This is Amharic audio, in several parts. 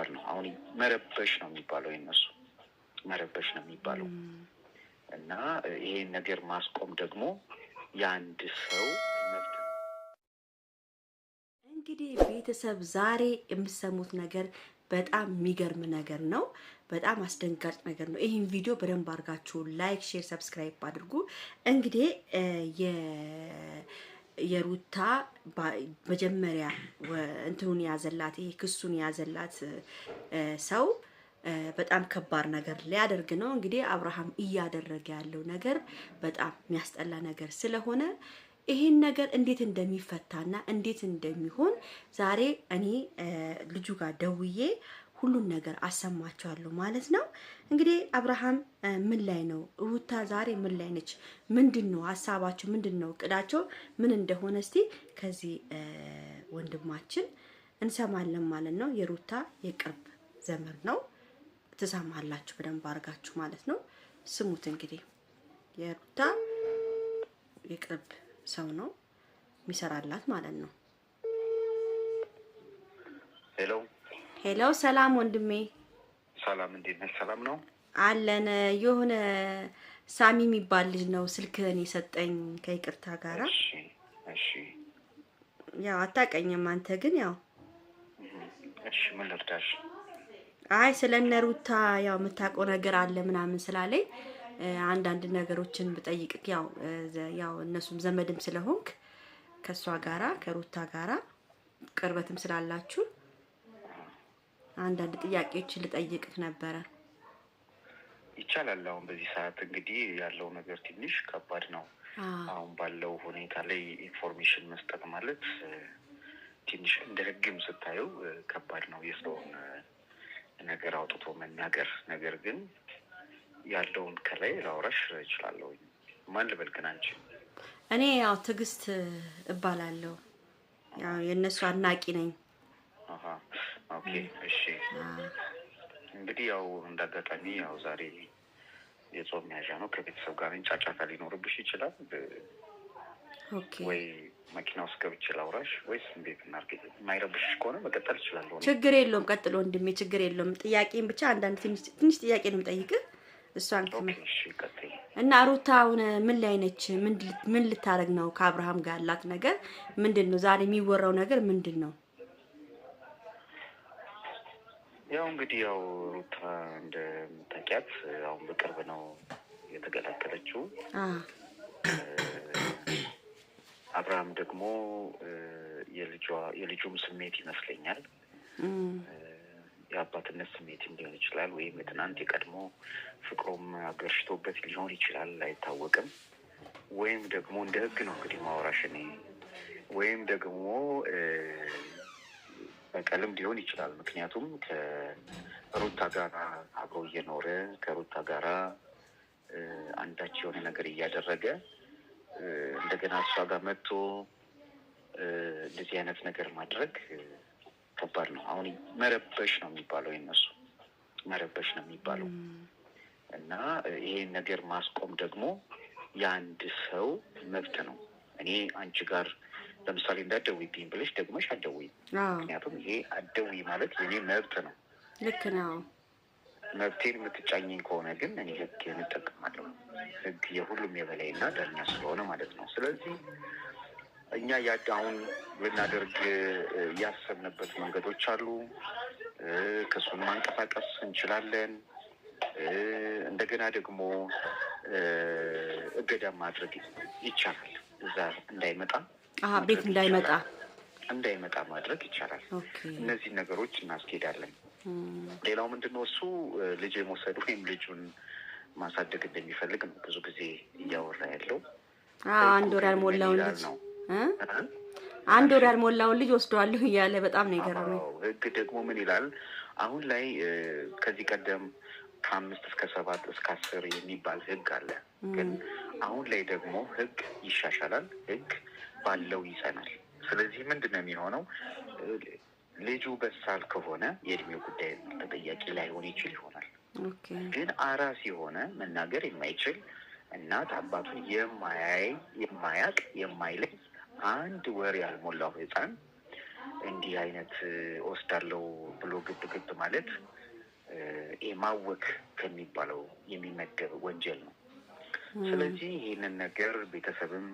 ከባድ ነው። አሁን መረበሽ ነው የሚባለው የነሱ መረበሽ ነው የሚባለው እና ይሄን ነገር ማስቆም ደግሞ የአንድ ሰው እንግዲህ ቤተሰብ ዛሬ የምሰሙት ነገር በጣም የሚገርም ነገር ነው። በጣም አስደንጋጭ ነገር ነው። ይህን ቪዲዮ በደንብ አድርጋችሁ ላይክ፣ ሼር፣ ሰብስክራይብ አድርጉ። እንግዲህ የሩታ መጀመሪያ እንትኑን ያዘላት ይሄ ክሱን ያዘላት ሰው በጣም ከባድ ነገር ሊያደርግ ነው። እንግዲህ አብርሃም እያደረገ ያለው ነገር በጣም የሚያስጠላ ነገር ስለሆነ ይሄን ነገር እንዴት እንደሚፈታና እንዴት እንደሚሆን ዛሬ እኔ ልጁ ጋር ደውዬ ሁሉን ነገር አሰማችኋለሁ ማለት ነው። እንግዲህ አብርሃም ምን ላይ ነው? ሩታ ዛሬ ምን ላይ ነች? ምንድን ነው ሀሳባቸው? ምንድን ነው እቅዳቸው? ምን እንደሆነ እስቲ ከዚህ ወንድማችን እንሰማለን ማለት ነው። የሩታ የቅርብ ዘመድ ነው። ትሰማላችሁ በደንብ አድርጋችሁ ማለት ነው። ስሙት እንግዲህ የሩታ የቅርብ ሰው ነው የሚሰራላት ማለት ነው። ሄሎ ሄሎ፣ ሰላም ወንድሜ። ሰላም፣ እንዴት ነህ? ሰላም ነው አለን። የሆነ ሳሚ የሚባል ልጅ ነው ስልክህን የሰጠኝ ከይቅርታ ጋር እሺ፣ ያው አታውቀኝም አንተ ግን ያው እሺ፣ ምን ልርዳሽ? አይ ስለ እነ ሩታ ያው የምታውቀው ነገር አለ ምናምን ስላለኝ አንዳንድ ነገሮችን ብጠይቅ ያው ያው እነሱም ዘመድም ስለሆንክ ከእሷ ጋራ ከሩታ ጋራ ቅርበትም ስላላችሁ አንዳንድ ጥያቄዎች ልጠይቅህ ነበረ። ይቻላል። አሁን በዚህ ሰዓት እንግዲህ ያለው ነገር ትንሽ ከባድ ነው። አሁን ባለው ሁኔታ ላይ ኢንፎርሜሽን መስጠት ማለት ትንሽ እንደ ሕግም ስታዩ ከባድ ነው የሰውን ነገር አውጥቶ መናገር። ነገር ግን ያለውን ከላይ ላውራሽ እችላለሁ። ማን ልበል ግን አንቺ? እኔ ያው ትዕግስት እባላለሁ። ያው የእነሱ አድናቂ ነኝ። ኦኬ እሺ። እንግዲህ ያው እንዳጋጣሚ ያው ዛሬ የጾም መያዣ ነው። ከቤተሰብ ጋር ጫጫታ ሊኖርብሽ ይችላል። ወይ መኪና ውስጥ ገብቼ ላውራሽ ወይስ እንዴት እናድርግ? የማይረብሽሽ ከሆነ መቀጠል እችላለሁ። ችግር የለውም ቀጥሎ ወንድሜ፣ ችግር የለውም። ጥያቄን ብቻ አንዳንድ ትንሽ ጥያቄ ነው የምጠይቅህ እሷን እና ሩታ አሁን ምን ላይ ነች? ምን ልታደርግ ነው? ከአብርሃም ጋር ያላት ነገር ምንድን ነው? ዛሬ የሚወራው ነገር ምንድን ነው? ያው እንግዲህ ያው ሩታ እንደምታውቂያት አሁን በቅርብ ነው የተገላገለችው። አብርሃም ደግሞ የልጁም ስሜት ይመስለኛል የአባትነት ስሜትም ሊሆን ይችላል፣ ወይም የትናንት የቀድሞ ፍቅሩም አገርሽቶበት ሊሆን ይችላል፣ አይታወቅም። ወይም ደግሞ እንደ ህግ ነው እንግዲህ ማወራሽኔ እኔ ወይም ደግሞ በቀልም ሊሆን ይችላል። ምክንያቱም ከሩታ ጋራ አብሮ እየኖረ ከሩታ ጋራ አንዳች የሆነ ነገር እያደረገ እንደገና እሷ ጋር መጥቶ እንደዚህ አይነት ነገር ማድረግ ከባድ ነው። አሁን መረበሽ ነው የሚባለው የነሱ መረበሽ ነው የሚባለው እና ይሄን ነገር ማስቆም ደግሞ የአንድ ሰው መብት ነው። እኔ አንቺ ጋር ለምሳሌ እንዳትደውይብኝ ብለሽ ደግመሽ አትደውይም። ምክንያቱም ይሄ አደዊ ማለት የኔ መብት ነው። ልክ ነው። መብቴን የምትጫኘኝ ከሆነ ግን እኔ ህግ እንጠቀማለሁ። ህግ የሁሉም የበላይና ዳኛ ስለሆነ ማለት ነው። ስለዚህ እኛ ያዳውን ልናደርግ ያሰብንበት መንገዶች አሉ። ክሱን ማንቀሳቀስ እንችላለን። እንደገና ደግሞ እገዳ ማድረግ ይቻላል። እዛ እንዳይመጣ ቤት እንዳይመጣ እንዳይመጣ ማድረግ ይቻላል። እነዚህ ነገሮች እናስኬዳለን። ሌላው ምንድነው እሱ ልጅ የመውሰድ ወይም ልጁን ማሳደግ እንደሚፈልግ ነው ብዙ ጊዜ እያወራ ያለው። አንድ ወር ያልሞላውን ልጅ አንድ ወር ያልሞላውን ልጅ ወስደዋለሁ እያለ በጣም ነው የገረመኝ። ህግ ደግሞ ምን ይላል? አሁን ላይ ከዚህ ቀደም ከአምስት እስከ ሰባት እስከ አስር የሚባል ህግ አለ። ግን አሁን ላይ ደግሞ ህግ ይሻሻላል። ህግ ባለው ይሰናል። ስለዚህ ምንድን ነው የሚሆነው? ልጁ በሳል ከሆነ የእድሜው ጉዳይ ተጠያቂ ላይሆን ይችል ይሆናል። ግን አራስ የሆነ መናገር የማይችል እናት አባቱን የማያይ የማያቅ የማይለይ አንድ ወር ያልሞላው ህፃን እንዲህ አይነት ወስዳለው ብሎ ግብ ግብ ማለት ማወክ ከሚባለው የሚመደብ ወንጀል ነው። ስለዚህ ይህንን ነገር ቤተሰብም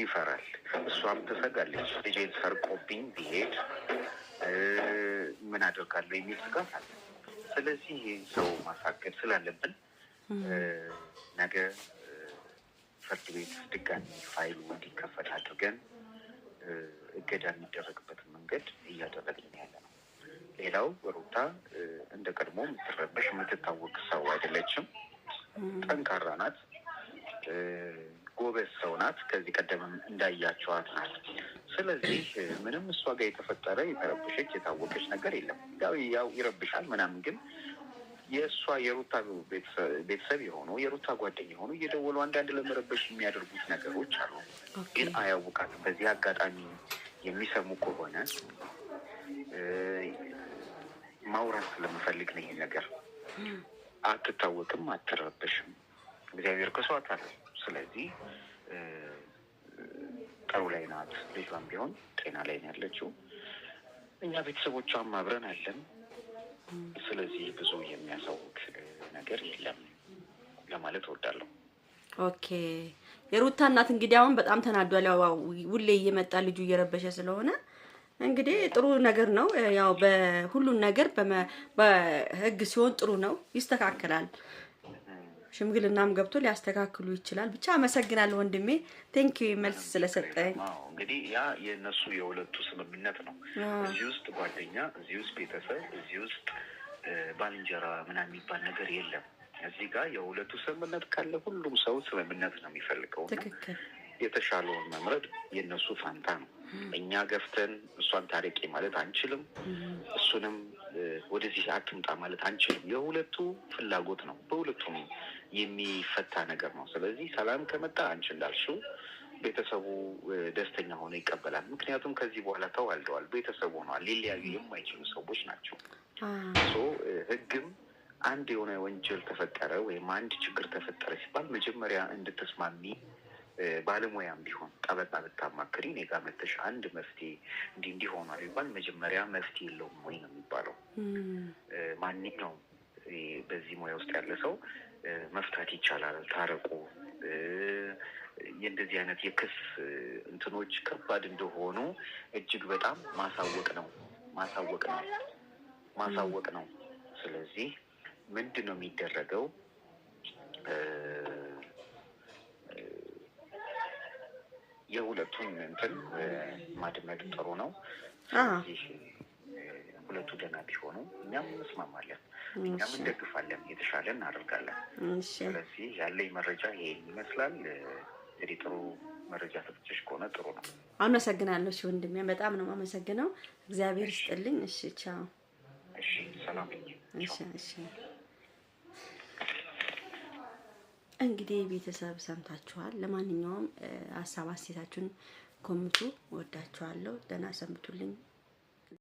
ይፈራል። እሷም ትሰጋለች። ልጄን ሰርቆብኝ ቢሄድ ምን አደርጋለሁ የሚል ስጋት አለ። ስለዚህ ሰው ማሳገድ ስላለብን ነገ ፍርድ ቤት ድጋሚ ፋይሉ እንዲከፈት አድርገን እገዳ የሚደረግበትን መንገድ እያደረግን ያለ ነው። ሌላው ሩታ እንደ ቀድሞ የምትረበሽ የምትታወቅ ሰው አይደለችም። ጠንካራ ናት። ጎበዝ ሰው ናት። ከዚህ ቀደምም እንዳያቸዋት ናት። ስለዚህ ምንም እሷ ጋር የተፈጠረ የተረብሸች የታወቀች ነገር የለም። ያው ይረብሻል ምናምን፣ ግን የእሷ የሩታ ቤተሰብ የሆኑ የሩታ ጓደኛ የሆኑ እየደወሉ አንዳንድ ለመረበሽ የሚያደርጉት ነገሮች አሉ፣ ግን አያውቃትም። በዚህ አጋጣሚ የሚሰሙ ከሆነ ማውራት ስለምፈልግ ነው ይሄን ነገር። አትታወቅም፣ አትረበሽም። እግዚአብሔር ከሷታል። ስለዚህ ጥሩ ላይ ናት። ልጇም ቢሆን ጤና ላይ ነው ያለችው። እኛ ቤተሰቦቿም አብረን አለን። ስለዚህ ብዙ የሚያሳውቅ ነገር የለም ለማለት እወዳለሁ። ኦኬ። የሩታ እናት እንግዲህ አሁን በጣም ተናዷል። ያው ውሌ እየመጣ ልጁ እየረበሸ ስለሆነ እንግዲህ ጥሩ ነገር ነው። ያው በሁሉን ነገር በህግ ሲሆን ጥሩ ነው፣ ይስተካከላል። ሽምግልናም ገብቶ ሊያስተካክሉ ይችላል። ብቻ አመሰግናለሁ ወንድሜ፣ ቴንኪዩ መልስ ስለሰጠኝ። እንግዲህ ያ የእነሱ የሁለቱ ስምምነት ነው። እዚህ ውስጥ ጓደኛ፣ እዚህ ውስጥ ቤተሰብ፣ እዚህ ውስጥ ባልንጀራ ምናምን የሚባል ነገር የለም። እዚህ ጋር የሁለቱ ስምምነት ካለ ሁሉም ሰው ስምምነት ነው የሚፈልገው። ትክክል የተሻለውን መምረጥ የእነሱ ፋንታ ነው። እኛ ገፍተን እሷን ታረቂ ማለት አንችልም። እሱንም ወደዚህ አትምጣ ማለት አንችልም። የሁለቱ ፍላጎት ነው። በሁለቱም የሚፈታ ነገር ነው። ስለዚህ ሰላም ከመጣ አንቺ እንዳልሽው ቤተሰቡ ደስተኛ ሆነ ይቀበላል። ምክንያቱም ከዚህ በኋላ ተዋልደዋል፣ ቤተሰቡ ሆነዋል። ሊለያዩ የማይችሉ ሰዎች ናቸው። ህግም አንድ የሆነ ወንጀል ተፈጠረ ወይም አንድ ችግር ተፈጠረ ሲባል መጀመሪያ እንድትስማሚ ባለሙያም ቢሆን ጠበቃ ብታማክሪ እኔ ጋ መተሽ አንድ መፍትሄ እንዲህ እንዲህ ሆኗል ቢባል መጀመሪያ መፍትሄ የለውም ወይ ነው የሚባለው። ማንኛውም በዚህ ሙያ ውስጥ ያለ ሰው መፍታት ይቻላል። ታረቁ። የእንደዚህ አይነት የክስ እንትኖች ከባድ እንደሆኑ እጅግ በጣም ማሳወቅ ነው ማሳወቅ ነው ማሳወቅ ነው። ስለዚህ ምንድን ነው የሚደረገው? የሁለቱን እንትን ማድመድ ጥሩ ነው። ስለዚህ ሁለቱ ደህና ቢሆኑ እኛም እንስማማለን፣ እኛም እንደግፋለን፣ የተሻለ እናደርጋለን። ስለዚህ ያለኝ መረጃ ይሄን ይመስላል። እንግዲህ ጥሩ መረጃ ሰጥቼሽ ከሆነ ጥሩ ነው። አመሰግናለሁ። እሺ ወንድሜ፣ በጣም ነው አመሰግነው። እግዚአብሔር ይስጥልኝ። እሺ ቻው። እሺ ሰላም። እሺ እሺ እንግዲህ ቤተሰብ ሰምታችኋል። ለማንኛውም ሀሳብ አስተያየታችሁን ኮምቱ። ወዳችኋለሁ። ደህና ሰንብቱልኝ።